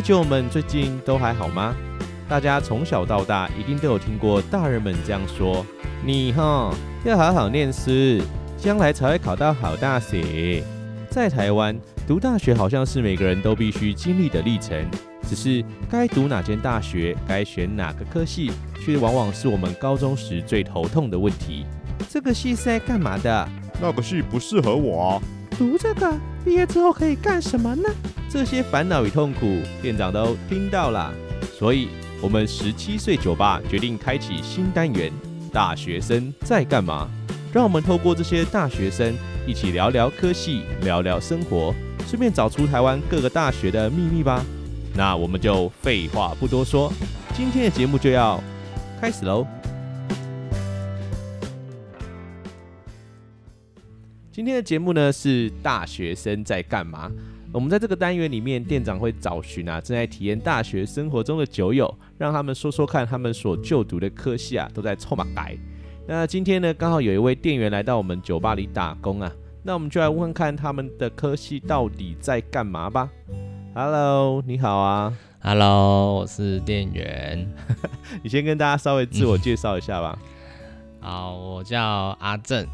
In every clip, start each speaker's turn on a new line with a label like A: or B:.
A: 同學們最近都還好嗎？大家從小到大一定都有聽過大人們這樣說：“你哈要好好念書，將來才會考到好大學。”在台灣讀大學好像是每個人都必須經歷的歷程，只是該讀哪間大學、該選哪個科系，卻往往是我們高中時最頭痛的問題。這個系是在幹嘛的？那個系不適合我啊。讀這個，畢業之後可以幹什麼呢？這些煩惱與痛苦，店長都聽到了，所以我們十七歲酒吧決定開啟新單元——大學生在幹嘛？讓我們透過這些大學生一起聊聊科系，聊聊生活，順便找出台灣各個大學的秘密吧。那我們就廢話不多說，今天的節目就要開始嘍。今天的節目呢，是大學生在幹嘛？我們在這個單元裡面，店長會找尋啊，正在體驗大學生活中的酒友，讓他們說說看他們所就讀的科系啊，都在湊嘛改。那今天呢，剛好有一位店員來到我們酒吧裡打工啊，那我們就來問問看他們的科系到底在幹嘛吧。
B: Hello，你好啊。Hello，我是店員。 你先跟大家稍微自我介紹一下吧。 好，我叫阿正。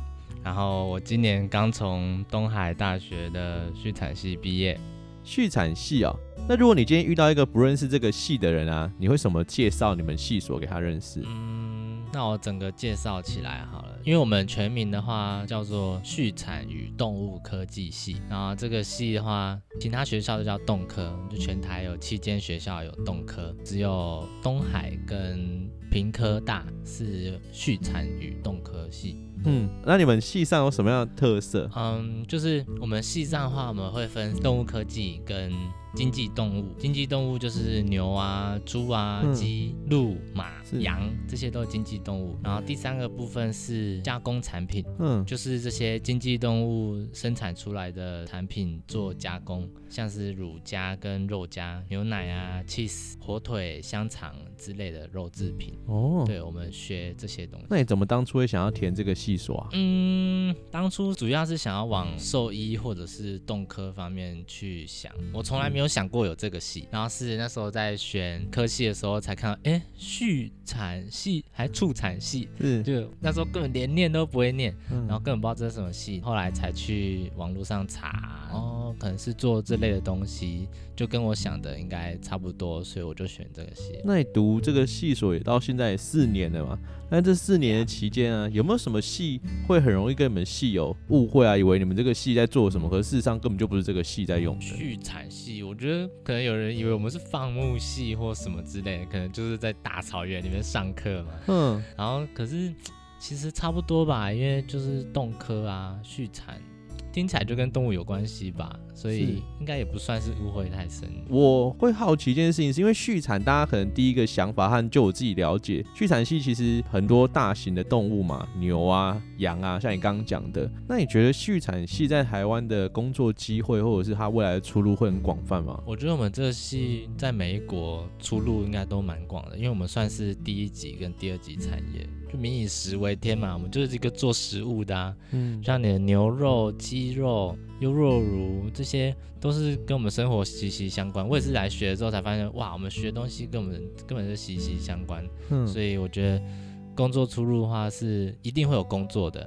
B: 然後我今年剛從東海大學的畜產系畢業。
A: 畜產系啊、哦，那如果你今天遇到一個不認識這個系的人啊，你會怎麼介紹你們系所給他認識？嗯，
B: 那我整個介紹起來好了，因為我們全名的話叫做畜產與動物科技系，然後這個系的話，其他學校都叫動科，就全台有七間學校有動科，只有東海跟屏科大是畜產與動科系。
A: 嗯，那你們系上有什麼樣的特色？
B: 嗯，就是我們系上的話，我們會分動物科技跟經濟動物。經濟動物就是牛啊、豬啊、雞、嗯、鹿、馬、羊，這些都是經濟動物。然後第三個部分是加工產品，嗯，就是這些經濟動物生產出來的產品做加工，像是乳加跟肉加，牛奶啊、cheese、火腿、香腸。之類的肉製品哦，對我們學這些東西。
A: 那你怎麼當初會想要填這個系所啊？嗯，
B: 當初主要是想要往獸醫或者是動科方面去想，我從來沒有想過有這個系、嗯，然後是那時候在選科系的時候才看到，哎、欸，畜產系還畜產系，是就那時候根本連念都不會念，嗯、然後根本不知道這是什麼系。後來才去網絡上查，哦，可能是做這類的東西，就跟我想的應該差不多，所以我就選這個系。
A: 那你讀？這個系所也到現在也四年了嘛，但這四年的期間啊，有沒有什麼系會很容易跟你們系有誤會啊？以為你們這個系在做什麼，可是事實上根本就不是這個系在用。
B: 畜產系，我覺得可能有人以為我們是放牧系或什麼之類的，可能就是在大草原裡面上課嘛。嗯，然後可是其實差不多吧，因為就是動科啊，畜產聽起來就跟動物有關係吧。所以應該也不算是誤會太深。
A: 我會好奇一件事情，是因為畜產，大家可能第一個想法和就我自己了解，畜產系其實很多大型的動物嘛，牛啊、羊啊，像你剛剛講的，那你覺得畜產系在台灣的工作機會，或者是它未來的出路會很廣泛嗎？
B: 我覺得我們這個系在美國出路應該都蠻廣的，因為我們算是第一級跟第二級產業，就民以食為天嘛，嗯、我們就是一個做食物的，啊，嗯，像你的牛肉、雞肉。優若如這些都是跟我們生活息息相關。我也是來學了之後才發現，哇，我們學的東西跟我們根本是息息相關。嗯，所以我覺得工作出路的話是一定會有工作的。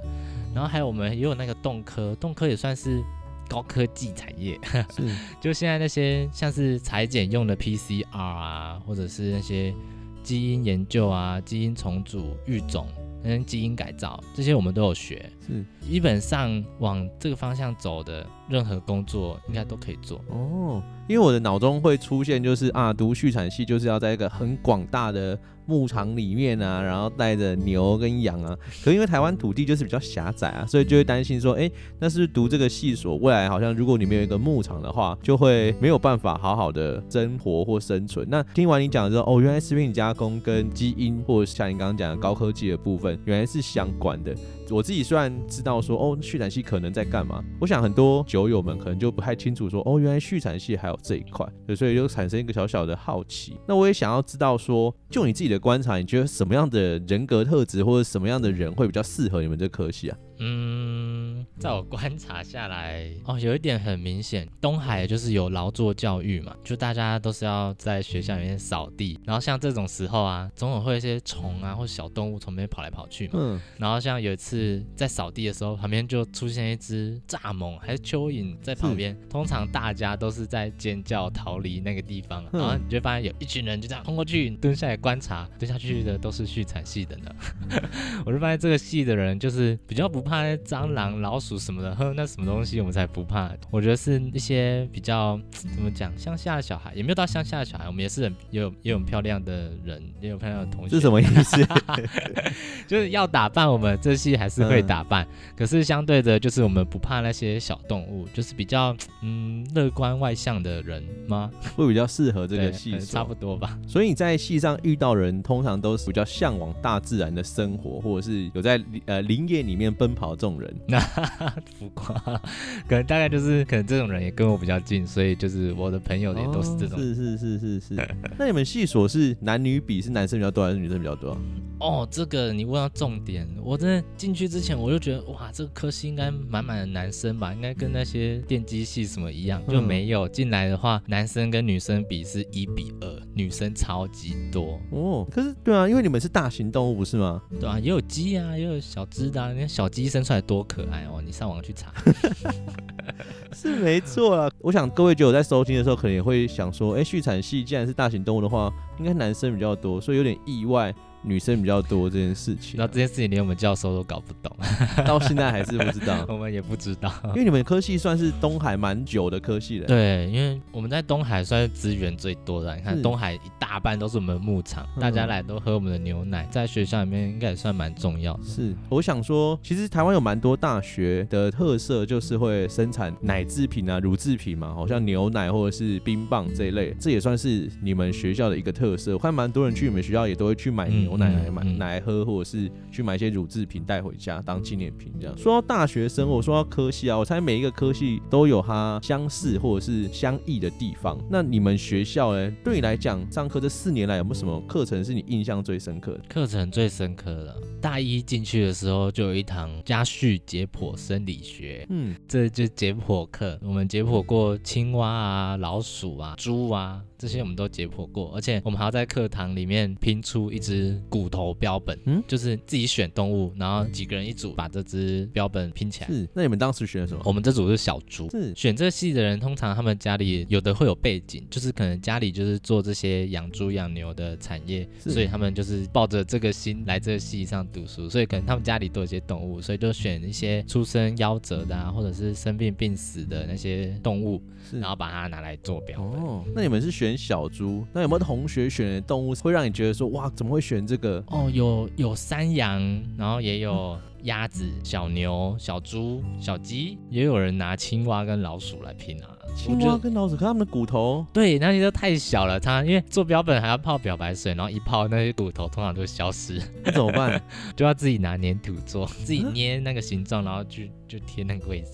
B: 然後還有我們也有那個動科，動科也算是高科技產業。 是，就現在那些像是裁剪用的 PCR 啊，或者是那些基因研究啊、基因重組育種。嗯，基因改造，這些我們都有學，是基本上往這個方向走的。任何工作應該都可以做
A: 哦，因為我的腦中會出現就是啊，讀畜產系就是要在一個很廣大的牧場裡面啊，然後帶着牛跟羊啊。可因為台灣土地就是比較狹窄啊，所以就會擔心說，哎、欸，那是不是讀這個系所，未來好像如果你沒有一個牧場的話，就會沒有辦法好好的生活或生存。那聽完你講之後，哦，原來食品加工跟基因，或者像你剛剛講的高科技的部分，原來是相關的。我自己雖然知道說哦，畜產系可能在幹嘛，我想很多酒友們可能就不太清楚說哦，原來畜產系還有這一塊，所以就產生一個小小的好奇。那我也想要知道說，就你自己的觀察，你覺得什麼樣的人格特質或者什麼樣的人會比較適合你們這科系啊？
B: 嗯，在我觀察下來哦，有一點很明顯，東海就是有勞作教育嘛，就大家都是要在學校裡面掃地，嗯、然後像這種時候啊，總有會有一些蟲啊或小動物從那邊跑來跑去嘛。嗯。然後像有一次在掃地的時候，旁邊就出現一隻蚱蜢，還是蚯蚓在旁邊，嗯，通常大家都是在尖叫逃離那個地方，嗯、然後你就發現有一群人就這樣衝過去蹲下來觀察，蹲下去的都是畜產系的呢。嗯、 我就發現這個系的人就是比較不。怕蟑螂、老鼠什麼的，哼、嗯，那什麼東西我們才不怕？我覺得是一些比較怎麼講，鄉下的小孩，也沒有到鄉下的小孩，我們也是很，也有，也有漂亮的人，也有漂亮的同學。是什麼意思啊？ 就是要打扮我們，這系還是會打扮，嗯、可是相對的，就是我們不怕那些小動物，就是比較嗯樂觀外向的人嗎？會比較適合這個系、嗯，差不多吧。所以你在系上遇到人，通常
A: 都是比較嚮往大自然的生活，或者是有在呃林業裡面奔。跑這種人，
B: 那、啊、浮誇，可能，大概就是可能這種人也跟我比較近， 所以就是我的朋友也都是這種、哦。
A: 是是是是是。
B: 那你們系所是男女比是男生比較多還是女生比較多？哦，這個你問到重點，我真的進去之前我就覺得哇，這個科系應該滿滿的男生吧，應該跟那些電機系什麼一樣，就沒有進、嗯、來的話，男生跟女生比是一比二，女生超級多。哦，可是對啊，因為你們是大型動物不是嗎？對啊，也有雞啊，也有小雞的、啊，你看小雞。生出來多可愛哦、喔！你上網去查， 是沒錯啊。我想各位酒友在收聽
A: 的時候，可能也會想說：哎、欸，畜產系既然是大型動物的話，應該男生比較多，所以有點意外。女生比較多這件事情、啊， 那這件事情連我們教授都搞不懂， 到現在還是不知道， 我們也不知道， 因為你
B: 們科系算是東海蠻久的科系了。對，因為我們在東海算是資源最多的、啊，你看東海一大半都是我們的牧場，嗯、大家來都喝我們的牛奶，在學校裡面應該也算蠻重要。是，
A: 我想說，其實台灣有蠻多大學的特色，就是會生產奶制品啊、乳制品嘛，好像牛奶或者是冰棒這一類，這也算是你們學校的一個特色。我看蠻多人去你們學校也都會去買牛、嗯。奶奶買奶喝，或者是去買一些乳製品帶回家當紀念品。這樣、嗯、說到大學生，我、嗯、說到科系啊，我猜每一個科系都有它相似或者是相異的地方。那你們學校哎，對你來講、嗯，上課這四年來有沒有什麼課程是你印象最
B: 深刻的？課程最深刻了，大一進去的時候就有一堂家畜解剖生理學，嗯，這就是解剖課，我們解剖過青蛙啊、老鼠啊、豬啊。這些我們都解剖過，而且我們還要在課堂裡面拼出一隻骨頭標本，嗯，就是自己選動物，然後幾個人一組把這隻標本拼起來。是，那你們當時選什麼？我們這組是小豬。是，選這個系的人通常他們家裡有的會有背景，就是可能家裡就是做這些養豬養牛的產業。是，所以他們就是抱着這個心來這個系上讀書，所以可能他們家裡都有一些動物，所以就選一些出生夭折的啊，或者是生病病死的那些動物，是，然後把它拿來做標。哦，
A: 那你們是選。小豬，那有沒有同學選的動物會讓你覺得說，哇，怎麼會選
B: 這個？哦，有有山羊，然後也有鴨子、小牛、小豬、小雞，也有人拿青蛙跟老鼠來拼啊。青蛙
A: 跟老鼠，看他們的骨
B: 頭。對，那些都太小了。它因為做標本還要泡漂白水，然後一泡那些骨頭通常都會消失。那怎麼辦？就要自己拿黏土做，自己捏那個形狀，嗯、然後就就貼那個位置。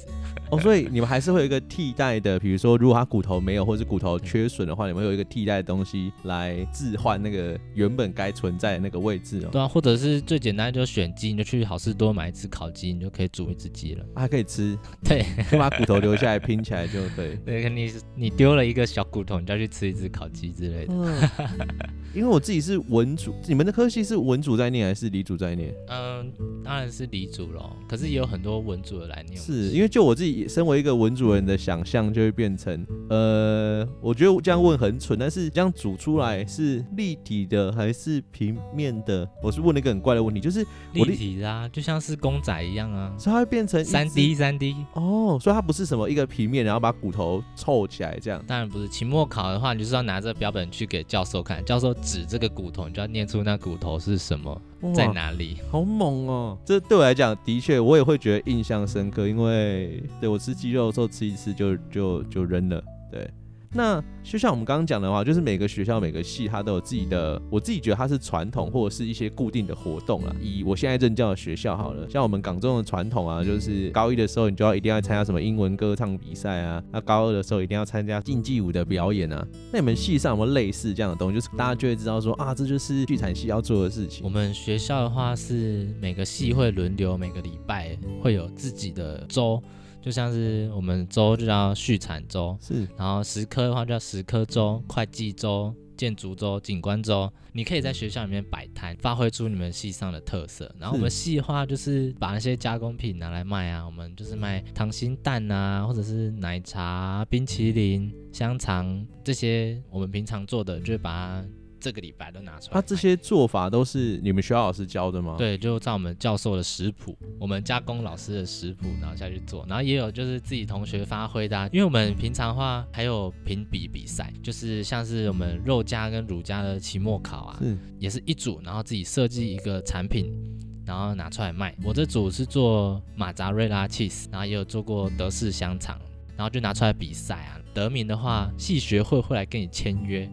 A: 哦，所以你們還是會有一個替代的，比如說如果它骨頭沒有，或是骨頭缺損的話，嗯、你們會有一個替代的東西來置換那個原本該存在的那個位置、哦。對啊，或者
B: 是最簡單，就選雞，你就去好市多買一隻烤雞，你就可以煮一只雞了。還、啊、可以吃。對，就把骨頭留下來拼起來就對。 對你是你丟了一個
A: 小骨頭，你就要去吃一隻烤雞之類的。嗯、 因為我自己是文主，你們的科系是文主在念還是理主在念？
B: 嗯，當然是理主咯，可是也有很多文主的來念。嗯、是
A: 因為就我自己身為一個文主人的想象，就會變成呃，我覺得這樣問很蠢，但是這樣煮出來是立體的還是平面的？我是問了一個很怪的問題，就是立、立體的啊，就像
B: 是公仔一樣啊，
A: 所以它會變成三 D
B: 三 D 哦，所以它不是什麼一個平面，然後把骨頭。湊起來這樣，當然不是。期末考的話，你就是要拿着標本去給教授看，教授指這個骨頭，你就要念出那骨頭是什麼，在哪裡。
A: 好猛哦！這對我來講，的確我也會覺得印象深刻，因為對我吃雞肉的時候，吃一次就就就，就扔了。對。那就像我們剛剛講的話，就是每個學校每個系它都有自己的，我自己覺得它是傳統或者是一些固定的活動啦。以我現在任教的學校好了，像我們港中的傳統啊，就是高一的時候你就要一定要參加什麼英文歌唱比賽啊，那高二的時候一定要參加競技舞的表演啊。那你們系上有沒有類似這樣的東西？就是大家就會知道說啊，這就是畜產系要做的
B: 事情。我們學校的話是每個系會輪流，每個禮拜會有自己的周。就像是我們週就叫畜產週，是，然後食科的話就叫食科週、嗯、會計週、建築週、景觀週。你可以在學校裡面擺攤，發揮出你們系上的特色。然後我們系的話就是把那些加工品拿來賣啊，我們就是賣溏心蛋啊，或者是奶茶、啊、冰淇淋、嗯、香腸這些我們平常做的，就會把它。這個禮拜都拿出來。他
A: 這些做法都是你們學校老師教的嗎？對，
B: 就照我們教授的食譜，我們加工老師的食譜，然後下去做。然後也有就是自己同學發揮的、啊，因為我們平常的話還有評比比賽，就是像是我們肉加跟乳加的期末考啊，也是一組，然後自己設計一個產品，然後拿出來賣。我這組是做馬扎瑞拉 cheese，然後也有做過德式香腸，然後就拿出來比賽啊。得名的話，系學會會來跟你簽約。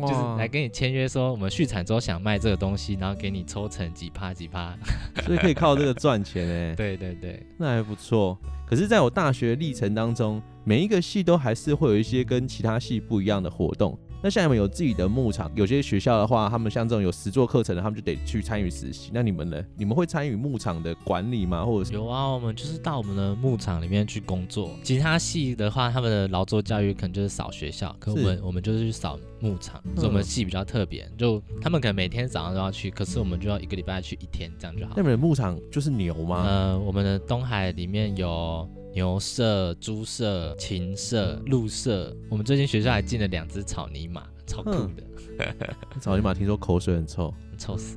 B: 哇，就是來跟你簽約，說我們續產週想賣這個東西，然後給你抽成幾趴幾趴， 所以可以靠
A: 這個賺錢
B: 誒、欸， 對對對，
A: 那還不錯。可是，在我大學歷程當中，每一個系都還是會有一些跟其他系不一樣的活動。那像你們有自己的牧場，有些學校的話，他們像這種有實作課程的，他們就得去參與實習。那你們呢？你們會參與牧場的管理嗎？或者是有啊，我們就是到
B: 我們的牧場裡面去工作。其他系的話，他們的勞作教育可能就是掃學校，可是我們是我們就是去掃牧場。嗯、所以，我們系比較特別，就他們可能每天早上都要去，可是我們就要一個禮拜去一天這樣就好。那邊牧場就是牛嗎？呃，我們的東海裡面有。牛舍、豬舍、禽舍、鹿舍、嗯，我們最近學校還進了兩隻草泥馬、嗯，超酷的。
A: 草泥馬聽說口水很臭，嗯、臭死。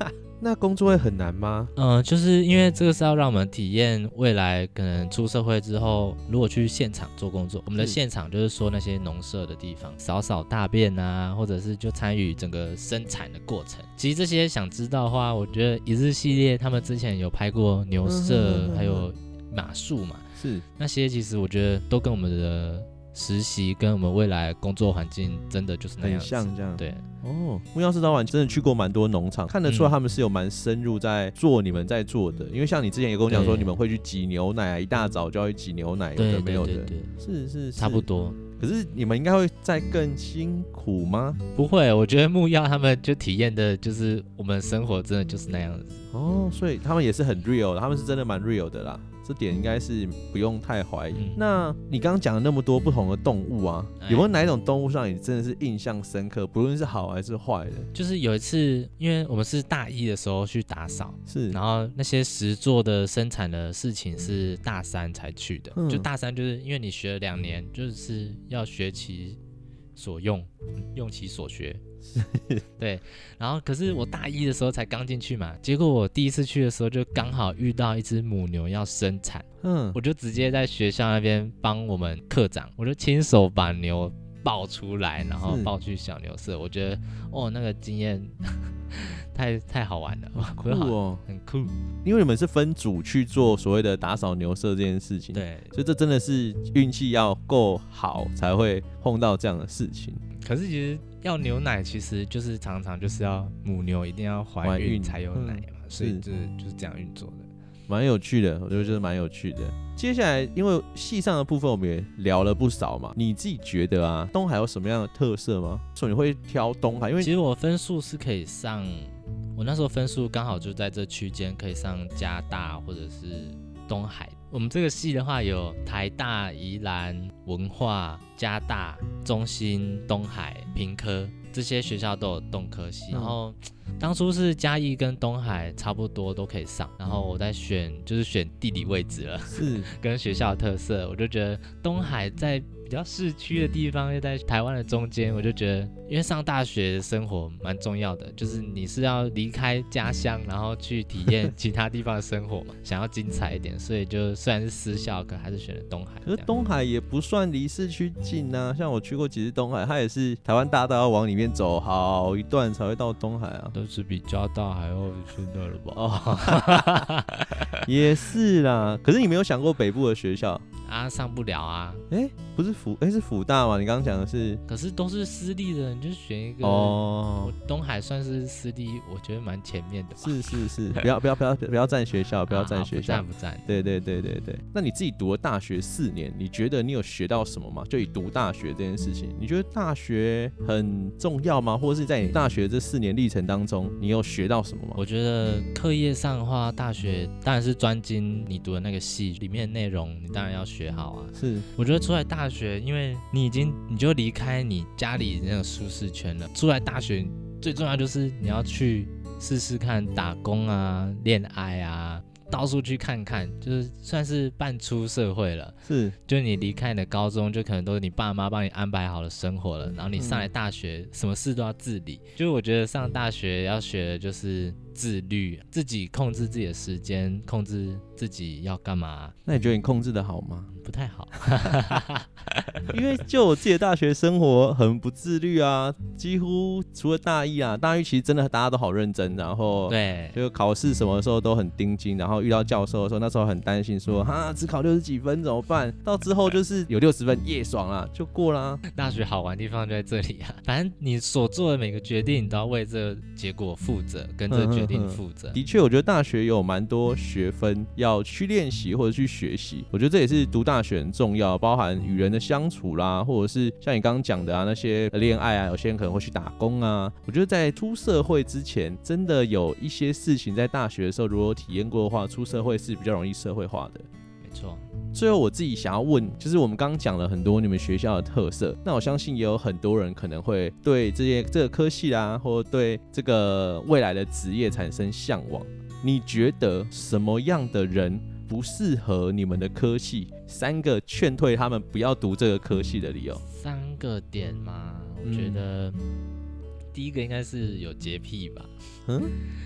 B: 那工作會很難嗎？嗯、呃，就是因為這個是要讓我們體驗未來可能出社會之後，如果去現場做工作，我們的現場就是說那些農舍的地方，掃掃大便啊，或者是就參與整個生產的過程。其實這些想知道的話，我覺得一日系列他們之前有拍過牛舍、嗯，還有馬術嘛。是那些，其實我覺得都跟我們的實習跟我們未來工作環境真的就是那樣子，很像這樣。對哦，木曜四當晚真的去過蠻多農場，嗯、
A: 看得出來他們是有蠻深入在做你們在做的。因為像你之前也跟我講說，你們會去擠牛奶，一大早就要去擠牛奶，對，有沒有的。對對對對是是，是差不多，可是你們應該會再更辛苦嗎？不會，我覺得木曜他們就體驗的就是我們生活，真的就是那樣子、嗯。哦，所以他們也是很 real，他們是真的蠻 real 的啦。這點應該是不用太懷疑、嗯。那你剛剛講了那麼多不同的動物啊、嗯，有沒有哪一種
B: 動物讓你真的是印象深刻？不論是好還是壞的，就是有一次，因為我們是大一的時候去打掃，是，然後那些實作的生產的事情是大三才去的、嗯，就大三就是因為你學了兩年，就是要學習。所用、嗯，用其所學，對。然後，可是我大一的時候才剛進去嘛，結果我第一次去的時候就剛好遇到一只母牛要生產，嗯，我就直接在學校那邊幫我們課長，我就親手把牛抱出來，然後抱去小牛舍。我覺得哦，那個經驗。呵呵太太好玩了，酷哦，很酷、喔
A: 因為你們是分組去做所謂的打掃牛舍這件事情，對，所以這真的是運氣要夠好才會碰到這樣的事情。
B: 可是其實要牛奶，其實就是常常就是要母牛一定要懷孕才有奶嘛，嗯嗯、所以就是就是這樣運作的。
A: 蠻有趣的，我覺得就是蠻有趣的。接下來因為系上的部分我們也聊了不少嘛，你自己覺得啊，東海有什麼樣的特色嗎？所以你會挑東海，因為其實
B: 我分數是可以上。我那時候分數剛好就在這區間，可以上嘉大或者是東海。我們這個系的話，有台大、宜蘭文化、嘉大、中興、東海、屏科這些學校都有動科系。然後當初是嘉義跟東海差不多都可以上，然後我在選就是選地理位置了，是跟學校的特色。我就覺得東海在。比較市區的地方又、嗯、在台灣的中間，我就覺得，因為上大學生活蠻重要的，就是你是要離開家鄉、嗯，然後去體驗其他地方的生活嘛，想要精彩一點，所以就雖然是私校，嗯、可還是選了東海。
A: 可是東海也不算離市區近啊，像我去過幾次東海，它也是台灣大道要往裡面走好一段才會到東海啊。都是比交大還要近點了吧？哦、 也是啦，可是你沒有想過北部的學校。
B: 啊，上不了啊！哎、
A: 欸，不是輔，哎、欸、是輔大嗎？你剛剛講的是，
B: 可是都是私立的，你就選一個哦。東海算是私立，我覺得蠻前面的。是是是， 不要不
A: 要不要不要占學校，不要占、啊、學校，占不占？不站對,對對對對對。那你自己讀了大學四年，你覺得你有學到什麼嗎？就以讀大學這件事情，你覺得大學很重要嗎？或者是在你大學這四年歷程當中，你有學
B: 到什麼嗎？嗯、我覺得課業上的話，大學當然是專精你讀的那個系裡面的內容，你當然要學學好啊！是，我覺得出來大學，因為你已經你就離開你家裡那種舒適圈了。出來大學最重要就是你要去試試看打工啊、戀愛啊，到處去看看，就是算是半出社會了。是，就你離開你的高中，就可能都是你爸媽幫你安排好了生活了。然後你上來大學，嗯、什麼事都要自理。就是我覺得上大學要學的就是。自律，自己控制自己的時間，控制自己要幹嘛、啊？那你覺得你控制的好嗎？不太好 ，
A: 因為就我自己的大學生活很不自律啊，幾乎除了大一啊，大一其實真的大家都好認真，然後對，就考試什麼的時候都很盯緊，然後遇到教授的時候，那時候很擔心說、嗯，啊，只考六十幾分怎麼辦？
B: 到之後就是有六十分也爽了、啊，就過啦、啊。大學好玩的地方就在這裡啊，反正你所做的每個決定，你都要為這個結果負責，跟這個決定。嗯的
A: 確，我覺得大學有蠻多學分要去練習或者去學習，我覺得這也是讀大學很重要，包含與人的相處啦，或者是像你剛剛講的啊，那些戀愛啊，有些人可能會去打工啊，我覺得在出社會之前，真的有一些事情在大學的時候如果體驗過的話，出社會是比較容易社會化的。錯。最後我自己想要問，就是我們剛剛講了很多你們學校的特色，那我相信也有很多人可能會對這些這個科系啦，或對這個未來的職業產生嚮往。你覺得什麼樣的人不適合你們的科系？三個勸退他們不要讀這個科系的理由，
B: 三個點嘛，我覺得。嗯。第一個應該是有潔癖吧，嗯，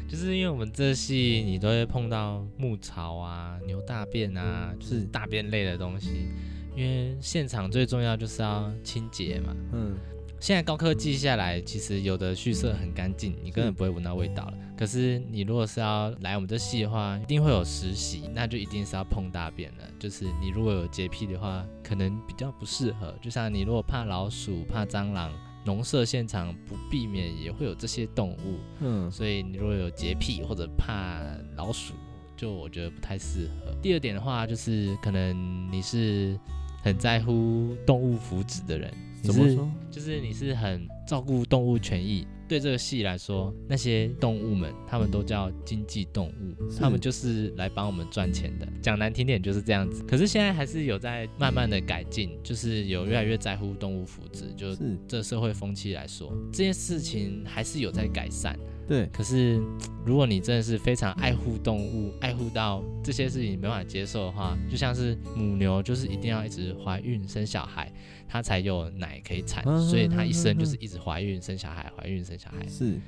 B: 就是因為我們這系你都會碰到牧草啊、牛大便啊，就是大便類的東西。因為現場最重要就是要清潔嘛，嗯，現在高科技下來，其實有的畜舍很乾淨，你根本不會聞到味道了。可是你如果是要來我們這系的話，一定會有實習，那就一定是要碰大便了。就是你如果有潔癖的話，可能比較不適合。就像你如果怕老鼠、怕蟑螂，農舍現場不避免也會有這些動物，嗯，所以你如果有潔癖或者怕老鼠，就我覺得不太適合。第二點的話，就是可能你是很在乎動物福祉的人是，怎麼說？就是你是很照顧動物權益。對這個系來說，那些動物們，他們都叫經濟動物，他們就是來幫我們賺錢的。講難聽點就是這樣子。可是現在還是有在慢慢的改進、嗯，就是有越來越在乎動物福祉，就是這社會風氣來說，這件事情還是有在改善。對，可是如果你真的是非常愛護動物，嗯、愛護到這些事情你沒辦法接受的話，就像是母牛，就是一定要一直懷孕生小孩，它才有奶可以產，啊啊啊啊啊所以它一生就是一直懷孕生小孩，懷孕生小孩。是。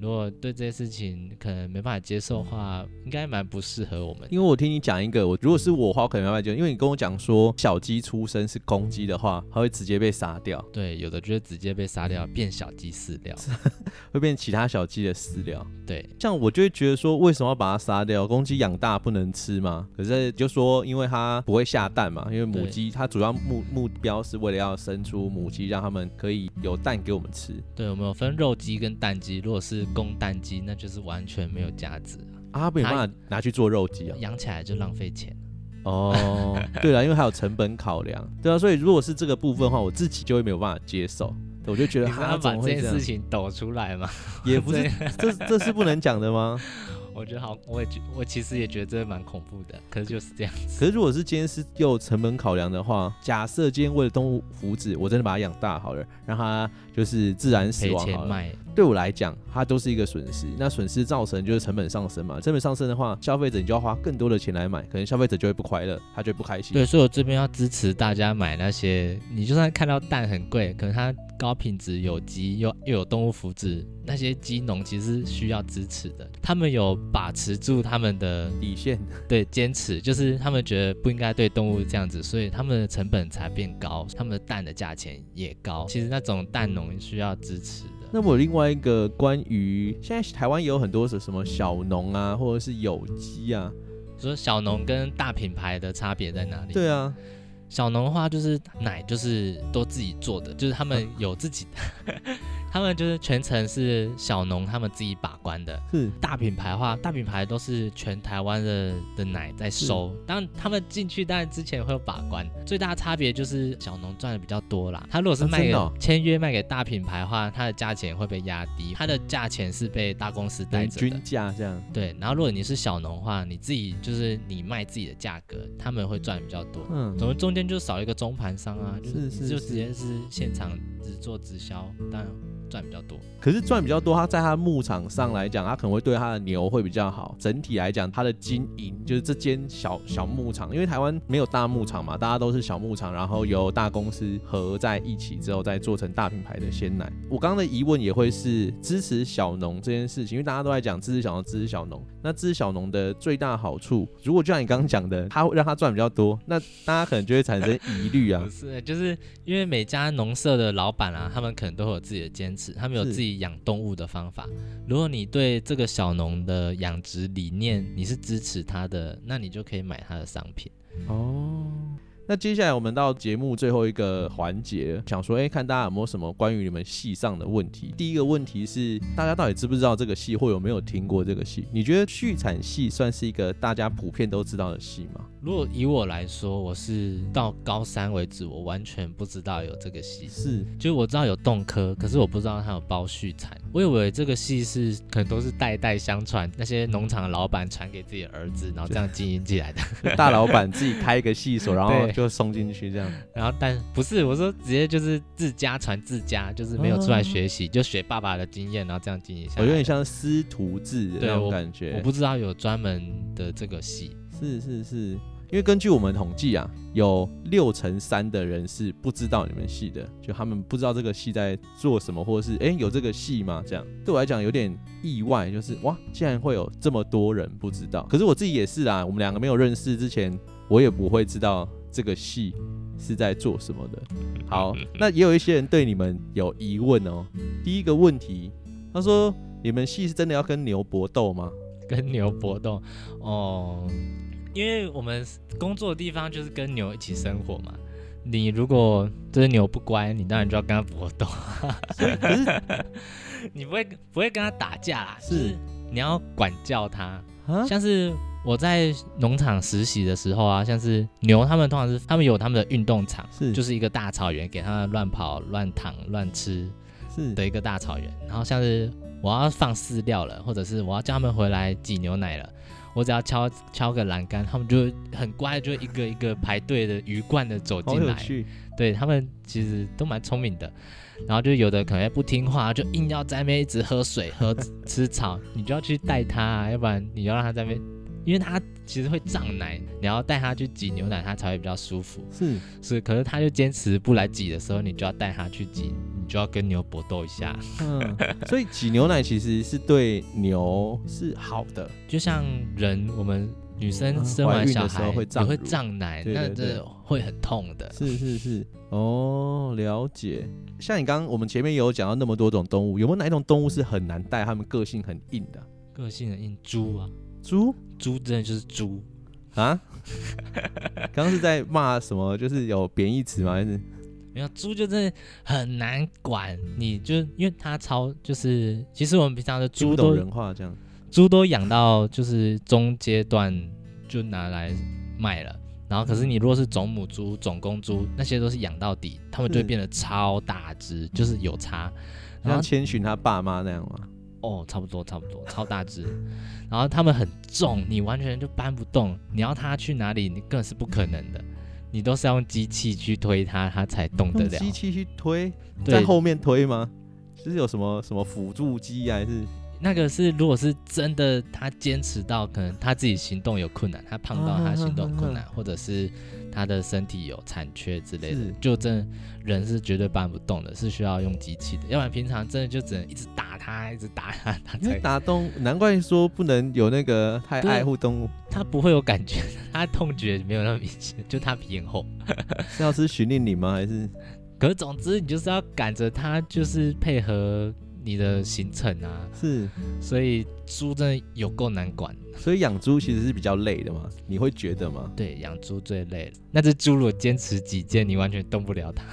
B: 如果對這些事情可能沒辦法接受的話，應該蠻不適合我們。
A: 因為我聽你講一個，我如果是我的話，我可能沒辦法接受。因為你跟我講說，小雞出生是公雞的話，它會直接被殺掉。對，有的就是
B: 直接被殺掉，變小雞飼料，
A: 會變其他小雞的飼料。對，像我就會覺得說，為什麼要把它殺掉？公雞養大不能吃嗎？可是就說，因為它不會下蛋嘛，因為母雞它主要目目標是為了要生出母雞，讓它們可以
B: 有蛋給我們吃。對，我們有分肉雞跟蛋雞，如果是公蛋雞那就是完全沒有價值啊，阿沒辦法拿去做肉雞啊，養起來就浪費錢
A: 哦。Oh, 對了，因為還有成本考量， 對啊，所以如果是這個部分的話，我自己就會沒有辦法接受，
B: 我就覺得他把、啊、這,這件事情抖出來嘛，也不是 這這是不能講的嗎？ 我覺得好，我也覺我其實也覺得這蠻恐怖的，可是就是這樣子。可是如果是
A: 今天是有成本考量的話，假設今天為了動物福祉，我真的把它養大好了，讓它就是自然死亡好了，賠對我來講，它都是一個損失。那損失造成就是成本上升嘛。成本上升的話，消費者你就要花更多的錢來買，可能消費者就會不快樂，他就會不開心。對，所以我
B: 這邊要支持大家買那些，你就算看到蛋很貴，可能它高品質、有機、又又有動物福祉，那些雞農其實需要支持的。他們有把持住他們的底線，對，堅持就是他們覺得不應該對動物這樣子，所以他們的成本才變高，他們的蛋的價錢也高。其實那種蛋農需要支持。
A: 那我另外一個關於現在台灣也有很多什什麼
B: 小農啊，或者是有機啊，說小農跟大品牌的差別在哪裡？對啊，小農的話就是奶就是都自己做的，就是他們有自己的。 他們就是全程是小農，他們自己把關的。大品牌的話，大品牌都是全台灣的的奶在收。當然他們進去，當然之前會有把關。最大的差別就是小農賺的比較多啦。他如果是賣簽約賣給大品牌的話，他的價錢會被壓低，他的價錢是被大公司帶走。均價這樣。對。然後如果你是小農的話，你自己就是你賣自己的價格，他們會賺比較多。嗯。總之中間就少一個中盤商啊，嗯、就是就直接是現場只做直銷，然、嗯。賺比較多，
A: 可是賺比較多，他在他的牧場上來講，他可能會對他的牛會比較好。整體來講，他的經營就是這間小小牧場，因為台灣沒有大牧場嘛，大家都是小牧場，然後由大公司合在一起之後，再做成大品牌的鮮奶。我剛剛的疑問也會是支持小農這件事情，因為大家都在講支持小農，支持小農。那支持小農的最大好處，如果就像你剛剛講的，他會讓他賺比較多，那大家可能就會產生疑慮啊。 不
B: 是，就是因為每家農舍的老闆啊，他們可能都有自己的兼。他們有自己養動物的方法。如果你對這個小農的養殖理念，你是支持他的，那你就可以買他的商品哦。
A: 那接下來我們到節目最後一個環節，想說，哎、欸，看大家有沒有什麼關於你們系上的問題。第一個問題是，大家到底知不知道這個系，或有沒有聽過這個系？你覺得畜產系
B: 算是一個大家普遍都知道的系嗎？如果以我來說，我是到高三為止，我完全不知道有這個系。是，就我知道有動科，可是我不知道它有包畜產。我以為這個系是可能都是代代相傳，那些農場的老板傳給自己的兒子，然後這樣經營起來的。大老板自己開一個系所，然 後。就送進去這樣，然後但不是我說，直接就是自家傳自家，就是沒有出來學習、嗯，就學爸爸的經驗，然後這樣經營一下來。我有點像
A: 師徒制的那種感覺我。我不知
B: 道有專門的這個系，是是是，
A: 因為根據我們統計啊，有六成三的人是不知道你們系的，就他們不知道這個系在做什麼，或者是哎、欸、有這個系嗎？這樣對我來講有點意外，就是哇，竟然會有這麼多人不知道。可是我自己也是啊，我們兩個沒有認識之前，我也不會知道。這個系是在做什麼的？好，那也有一些人對你們有疑問哦。第一個問題，他說：你們系是真的要跟牛搏鬥
B: 嗎？跟牛搏鬥哦，因為我們工作的地方就是跟牛一起生活嘛。你如果這牛不乖，你當然就要跟他搏鬥， 啊、 你不會不會跟他打架啦，是、就是、你要管教他，啊、像是。我在農場實習的時候啊，像是牛，他們通常是他們有他們的運動場，就是一個大草原，給他們亂跑、亂躺、亂吃，是的一個大草原。然後像是我要放飼料了，或者是我要叫他們回來擠牛奶了，我只要敲敲個欄杆，他們就很乖，就一個一個排隊的魚貫的走進來。對，他們其實都蠻聰明的。然後就有的可能不聽話，就硬要在那邊一直喝水、喝吃草， 你就要去帶他啊，嗯，要不然你就讓他在那邊。因為它其實會脹奶，你要帶它去擠牛奶，它才會比較舒服。是是，可是它就堅持不來擠的時候，你就要帶它去擠，你就要跟牛搏鬥一下，嗯嗯。所以擠牛奶其實是對牛是好的，就像
A: 人，嗯、我們女生生完小孩，嗯、完會脹會脹奶，但是會很痛的。是是是，哦，了解。像你剛剛我們前面有講到那麼多種動物，有沒有哪一種動物是很難帶？它們個性很硬的，
B: 個性很硬，
A: 豬啊。豬豬真的就是豬啊！剛 是在罵什麼？就是有貶義詞嗎？還是
B: 沒有豬，就真的很難管。你就因為它超就是，其實我們平常的豬都懂人話這樣，豬都養到就是中階段就拿來賣了。然後，可是你如果是種母豬、種公豬，那些都是養到底，他們就會變得超大只，就是有差，然後像千尋他爸媽那樣嘛。哦、oh,，差不多，差不多，超大隻。 然後他們很重，你完全就搬不動。你要他去哪裡，你更是不可能的。你都是要用機器去推他，他才動得了。用機器去推，在後面推嗎？是有什麼什麼輔助機、啊、還是？那個是如果是真的，他堅持到可能他自己行動有困難，他碰到他行動困難啊啊啊啊，或者是。他的身體有殘缺之類的，是就真人是絕對搬不動的，是需要用機器。的。要不然平常真的就只能一直打他，一直打他，打他。打動難怪說不能有那
A: 個太愛護
B: 動物。他不會有感覺，他痛覺沒有那麼明顯，就他皮很厚。 是要是訓練你嗎？還是？可是總之你就是要趕着他，就是配合。你的行程啊，是，所以豬真的有夠難管，所以養豬其實是比較累的嘛，你會覺得嗎？對，養豬最累了。那只豬如果堅持己見，你完全動不了它。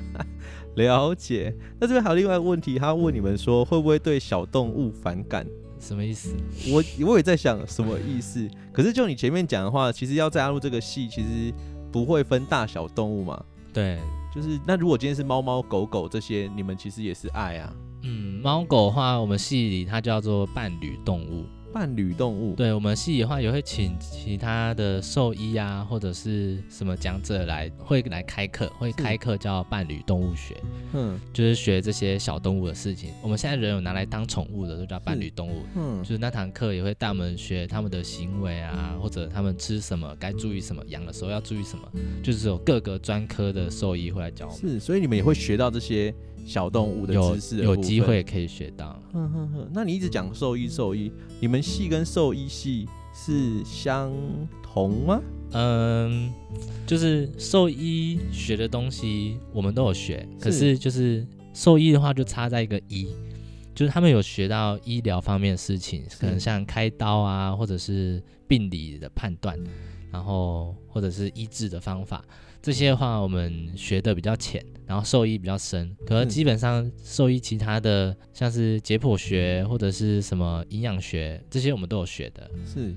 A: 了解。那這邊還有另外一個問題，他問你們說，會不會對小動物反感？嗯、什麼意思？我我也在想什麼意思。 可是就你前面講的話，其實要加入這個系，其實不會分大小動
B: 物嘛？
A: 對，就是那如果今天是貓貓狗狗,狗這些，你
B: 們其實也是愛啊。嗯，貓狗的話，我們系裡它叫做伴侶動物。伴侶動物，對我們系裡的話，也會請其他的獸醫啊，或者是什麼講者來，會來開課，會開課叫伴侶動物學。嗯，就是學這些小動物的事情。我們現在人有拿來當寵物的，就叫伴侶動物。嗯，就是那堂課也會帶我們學他們的行為啊，嗯、或者他們吃什麼，該注意什麼，養的時候要注意什麼。就是有各個專科的獸醫會來教我們。是，所以你們也會學到這些。
A: 小動物的知識有機會可以學到。哼哼，那你一直講獸醫獸醫，嗯，你們系跟獸醫系是相
B: 同嗎？嗯，就是獸醫學的東西我們都有學，是，可是就是獸醫的話就差在一個醫，就是他們有學到醫療方面的事情，可能像開刀啊，或者是病理的判斷，然後或者是醫治的方法，這些的話我們學的比較淺。然後獸醫比較深，可是基本上獸醫其他的、嗯，像是解剖學或者是什麼營養學這些，我們都有學的。
A: 是。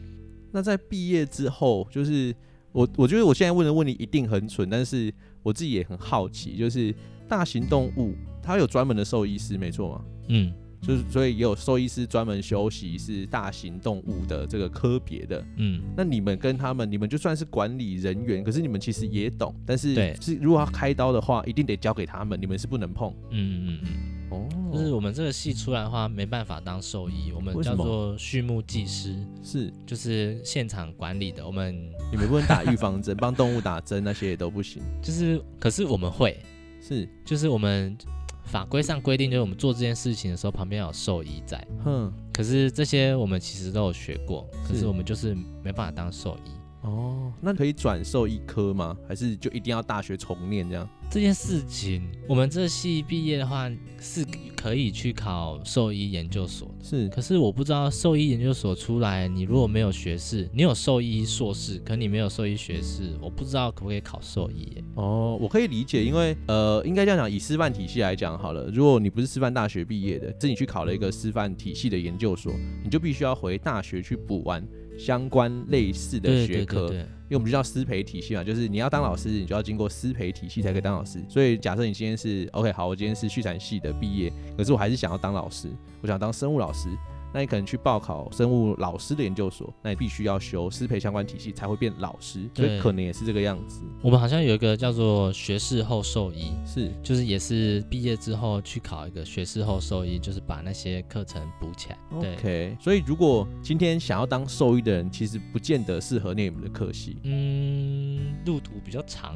A: 那在畢業之後，就是我我覺得我現在問的問題一定很蠢，但是我自己也很好奇，就是大型動物它有專門的獸醫師，沒錯嗎？嗯。就是，所以也有獸醫師專門修習，是大型動物的這個科別的，嗯，那你們跟他們，你們就算是管理人員，可是你們其實也懂，但是是如果要開刀的話，一定得交給他們，你們是不能碰，
B: 嗯嗯嗯，哦，就是我們這個系出來的話，沒辦法當獸醫，我們叫做畜牧技師，是，就是現場管理的，我們你們不能打預防針，幫 動物打針那些也都不行，就是，可是我們會，是，就是我們。法規上規定，就是我們做這件事情的時候，旁邊有獸醫在。哼，可是這些我們其實都有學過，可是我們就是沒辦法當獸醫。
A: 哦，那可以轉獸醫
B: 科嗎？還是就一定要大學重念這樣？這件事情，我們這系畢業的話是可以去考獸醫研究所的。是，可是我不知道獸醫研究所出來，你如果沒有學士，你有獸醫碩士，可是你沒有獸醫學士，我不知道可不可以考獸醫。哦，我可以理解，因為呃，應該這樣講，以師範體系來講好
A: 了，如果你不是師範大學畢業的，自己去考了一個師範體系的研究所，你就必須要回大學去補完。相關類似的學科，對對對對，因為我們就叫師培體系嘛，就是你要當老師，你就要經過師培體系才可以當老師。所以假設你今天是 OK 好，我今天是畜產系的畢業，可是我還是想要當老師，我想當生物老師。那你可能去報考生物老師的研究所，那你必須要修師培相關體系才會變老師，所以可能也是這個樣子。
B: 我們好像有一個叫做學士後獸醫，是就是也是畢業之後去考一個學士後獸醫，就是把那些課程補起來。OK，對所以如果
A: 今天想要當獸醫的人，其實不見得適合念你們的科系，嗯，
B: 路途比較長。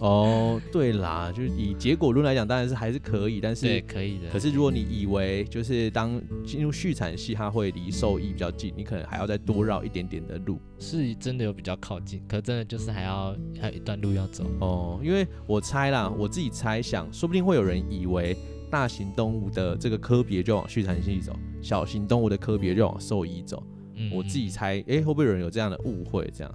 A: 哦、 oh，對啦，就是以結果論來講，當然是還是可以，但是對可以的。可是如果你以為就是當進入畜產系。它會離獸醫比較近、嗯，你可能還要再多繞一點點的路，是真的有比較靠近，可真的就是還要還有一段路要走哦。因為我猜啦、嗯，我自己猜想，說不定會有人以為大型動物的這個科別就往畜產系走，小型動物的科別就往獸醫走嗯嗯。我自己猜，哎、欸，會不會有人有這樣的誤會？這樣，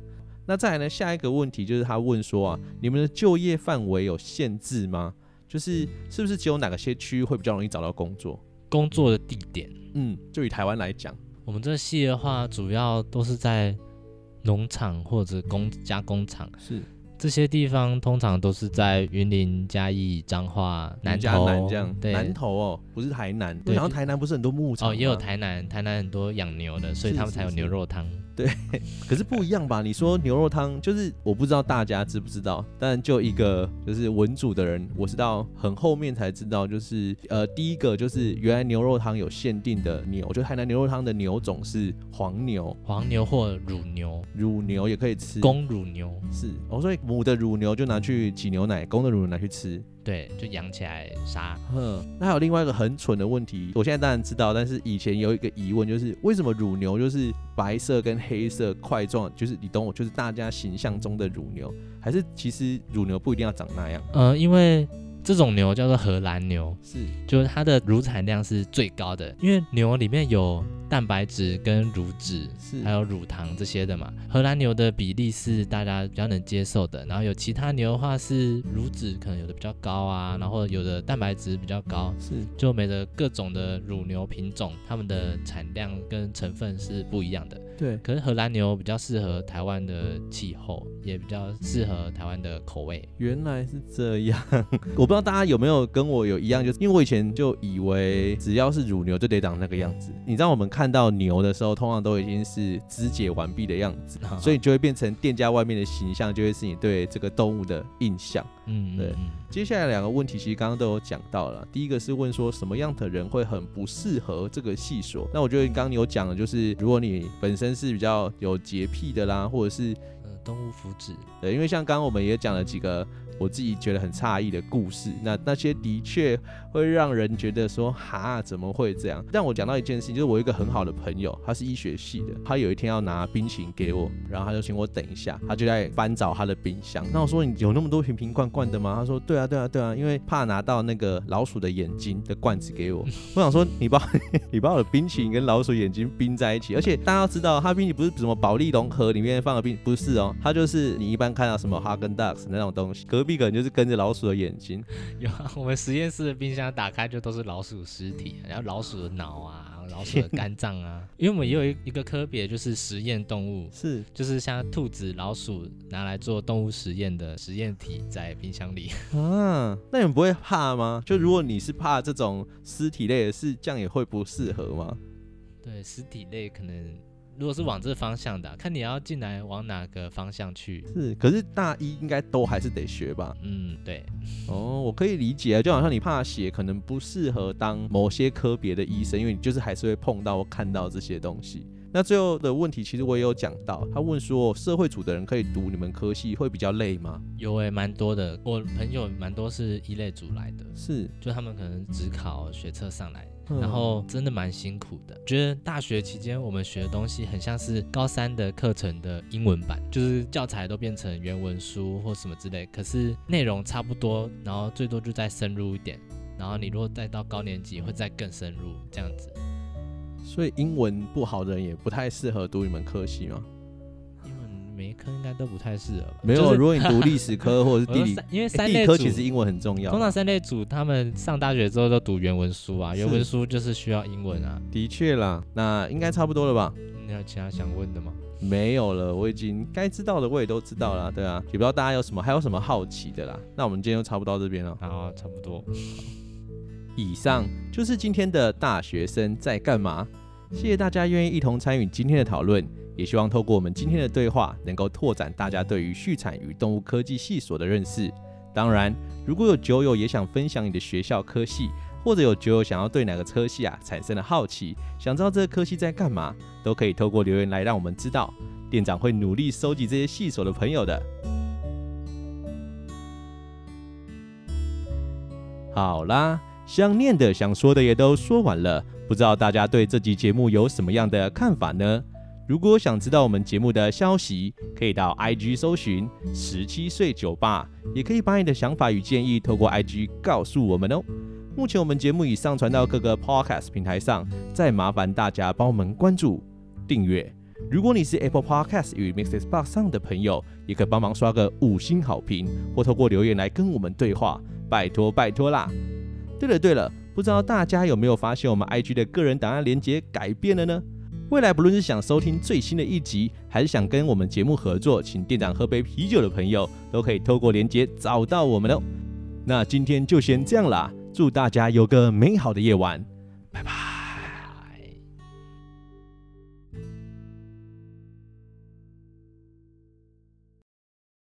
A: 那再來呢？下一個問題就是他問說啊，你們的就業範圍有限制嗎？就是是不是只有哪個些區會比較容易找到工作？工作的地點？嗯嗯，就以台灣來講，
B: 我們這系的話，主要都是在農場或者工加工廠，是這些地方通常都是在雲林、嘉義、彰化、南投加南這樣。對，南投哦，不是台南。對，然後台南不是很多牧場哦，也有台南，台南很多養牛的，所以他們才有牛
A: 肉湯。是是是對，可是不一樣吧？你說牛肉湯，就是我不知道大家知不知道，但就一個就是文組的人，我是到很後面才知道，就是呃，第一個就是原來牛肉湯有限定的牛，我覺得台南牛肉湯的牛種是黃牛，黃牛或乳牛，乳牛也可以吃，公乳牛是、哦，所以母的乳牛就拿去擠牛奶，公的乳牛拿去吃。對，
B: 就養起來殺。
A: 哼。那還有另外一個很蠢的問題，我現在當然知道，但是以前有一個疑問，就是為什麼乳牛就是白色跟黑色塊狀，就是你懂我，就是大家形象中的乳牛，還
B: 是其實乳牛不一定要長那樣？嗯、呃，因為。這種牛叫做荷蘭牛，是就是它的乳產量是最高的，因為牛裡面有蛋白質跟乳脂，是還有乳糖這些的嘛。荷蘭牛的比例是大家比較能接受的，然後有其他牛的話是乳脂可能有的比較高啊，然後有的蛋白質比較高，是就每個各種的乳牛品種，它們的產量跟成分是不一樣的。對，可是荷蘭牛比較適合台灣的氣候，也比較適合台灣的口味。
A: 原來是這樣，我 那大家有沒有跟我有一樣？就是因為我以前就以為只要是乳牛就得長那個樣子。你知道我們看到牛的時候，通常都已經是肢解完畢的樣子，所以你就會變成店家外面的形象，就會是你對這個動物的印象。嗯，
B: 對。
A: 接下來兩個問題，其實剛剛都有講到了。第一個是問說什麼樣的人會很不適合這個系所？那我覺得剛剛你有講的就是，如果你本身是比較有潔癖的啦，或者是嗯
B: 動物福祉。
A: 對，因為像剛剛我們也講了幾個。我自己覺得很詫異的故事，那那些的確會讓人覺得說，哈，怎麼會這樣？但我講到一件事，就是我有一個很好的朋友，他是醫學系的，他有一天要拿冰淇淋給我，然後他就請我等一下，他就在翻找他的冰箱。那我說，你有那麼多瓶瓶罐罐的嗎？他說，對啊，對啊，對啊，因為怕拿到那個老鼠的眼睛的罐子給我。 我想說，你把 你把我的冰淇淋跟老鼠眼睛冰在一起，而且大家要知道，他冰淇淋不是什麼保利龍盒裡面放的冰，不是哦，它就是你一般看到什麼哈根達斯那種東西，可能就是跟着老鼠的眼睛。
B: 有啊，我們實驗室的冰箱打開就都是老鼠屍體，然後老鼠的腦啊、老鼠的肝臟啊， 因為我們也有一一個科別就是實驗動物，是就是像兔子、老鼠拿來做動物實驗的實驗體在冰箱裡
A: 啊。那你不會怕
B: 嗎？就如果你是怕這
A: 種屍體類的是、嗯、這樣也會不適合嗎？
B: 對，屍體類可能。如果是往這方向的，看你要進來往哪個方向去。是，可是大
A: 一應該都還是得學吧。嗯，對。哦，我可以理解啊，就好像你怕血，可能不適合當某些科別的醫生，因為你就是還是會碰到看到這些東西。那最後的問題，其實我也有講到，他問說，社會組的人可以讀你們科系會比較累嗎？
B: 有誒、欸，蠻多的，我朋友蠻多是一、e、類組來的，是，就他們可能只考學測上來，嗯，然後真的蠻辛苦的。覺得大學期間我們學的東西很像是高三的課程的英文版，嗯，就是教材都變成原文書或什麼之類，可是內容差不多，然後最多就再深入一點，然後你如果再到高年級會再更深入這樣子。
A: 所以英文不好的人也不太適合讀你們科系嗎？英
B: 文每一科應該都不太適合吧？沒有，如果你讀歷史科或者是地理， 因為三類、欸、地理科其實英文很重要。通常三類組他們上大學之後都讀原文書啊，原文書就是需要英文啊。的確啦，那應該差不多了吧？你有其他想問的嗎？嗯、
A: 沒有了，我已經該知道的我也都知道了、啊，對啊，也不知道大家有什麼還有什麼好奇的啦。那我們今天就差不多到這邊了好、啊，差不多。以上就是今天的大學生在幹嘛。謝謝大家願意一同參與今天的討論，也希望透過我們今天的對話，能夠拓展大家對於畜產與動物科技系所的認識。當然，如果有酒友也想分享你的學校科系，或者有酒友想要對哪個科系啊產生了好奇，想知道這個科系在幹嘛，都可以透過留言來讓我們知道。店長會努力收集這些系所的朋友的。好啦。想念的，想說的也都說完了，不知道大家對這集節目有什麼樣的看法呢？如果想知道我們節目的消息，可以到 IG 搜尋十七歲酒吧，也可以把你的想法與建議透過 IG 告訴我們哦。目前我們節目已上傳到各個 Podcast 平台上，再麻煩大家幫我們關注、訂閱。如果你是 Apple Podcast 與 MixerBox 上的朋友，也可幫忙刷個五星好評，或透過留言來跟我們對話，拜托拜托啦！對了對了，不知道大家有沒有發現我們 IG 的個人檔案連結改變了呢？未來不論是想收聽最新的一集，還是想跟我們節目合作，請店長喝杯啤酒的朋友，都可以透過連結找到我們哦。那今天就先這樣啦，祝大家有個美好的夜晚，拜拜。